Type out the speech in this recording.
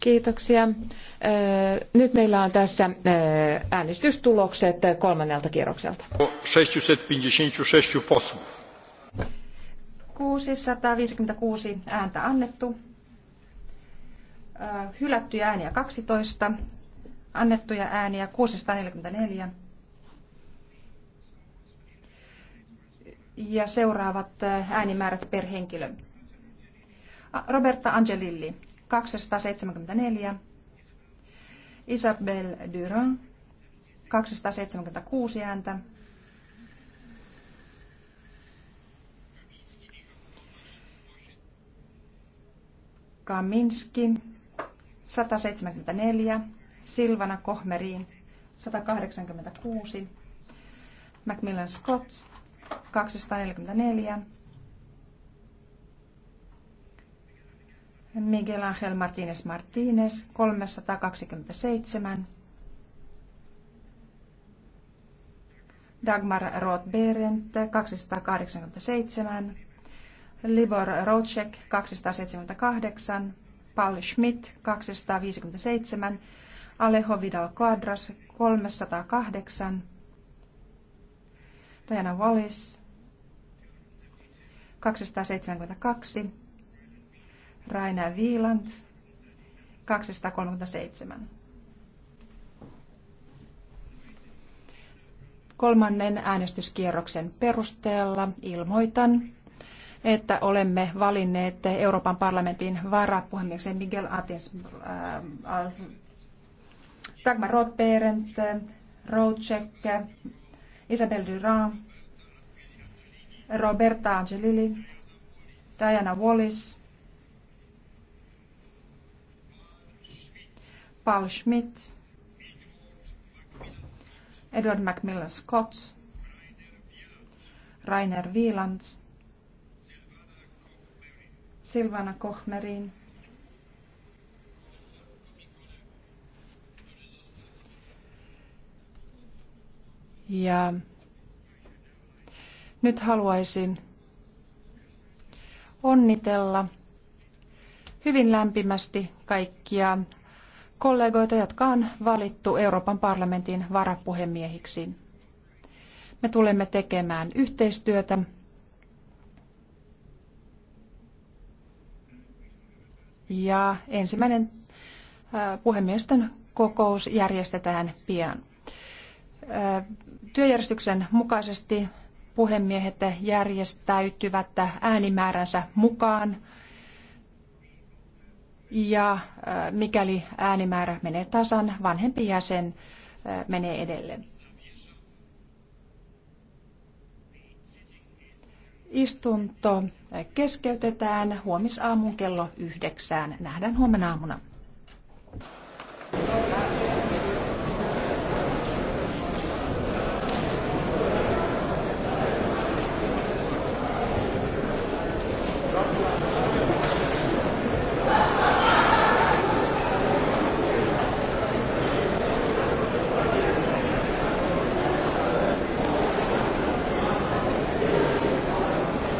Kiitoksia. Nyt meillä on tässä äänestystulokset kolmannelta kierrokselta. 656 ääntä annettu. Hylättyjä ääniä 12. Annettuja ääniä 644. Ja seuraavat äänimäärät per henkilö. Roberta Angelilli 274. Isabel Duran 276 ääntä. Kaminski 174, Silvana Kohmeri 186, Macmillan Scott 244, Miguel Ángel Martínez Martínez 327. Dagmar Roth-Berendt 287. Libor Rocek 278. Paul Schmidt 257. Alejo Vidal Quadras 308. Diana Wallis 272. Raina Viiland 237. Kolmannen äänestyskierroksen perusteella ilmoitan, että olemme valinneet Euroopan parlamentin varapuhemieksen Miguel Atis, äh, äh, Dagmar Rothberent, Rocek, Isabel Durand, Roberta Angelilli, Diana Wallis, Paul Schmidt, Edward Macmillan Scott, Rainer Wieland, Silvana Kochmerin, Ja nyt haluaisin onnitella hyvin lämpimästi kaikkia kollegoita, jotka on valittu Euroopan parlamentin varapuhemiehiksi. Me tulemme tekemään yhteistyötä ja ensimmäinen äh, puhemiesten kokous järjestetään pian. Äh, työjärjestyksen mukaisesti puhemiehet järjestäytyvät äänimääränsä mukaan ja äh, mikäli äänimäärä menee tasan, vanhempi jäsen äh, menee edelle. Istunto äh, keskeytetään huomisaamun kello yhdeksään. Nähdään huomenna aamuna.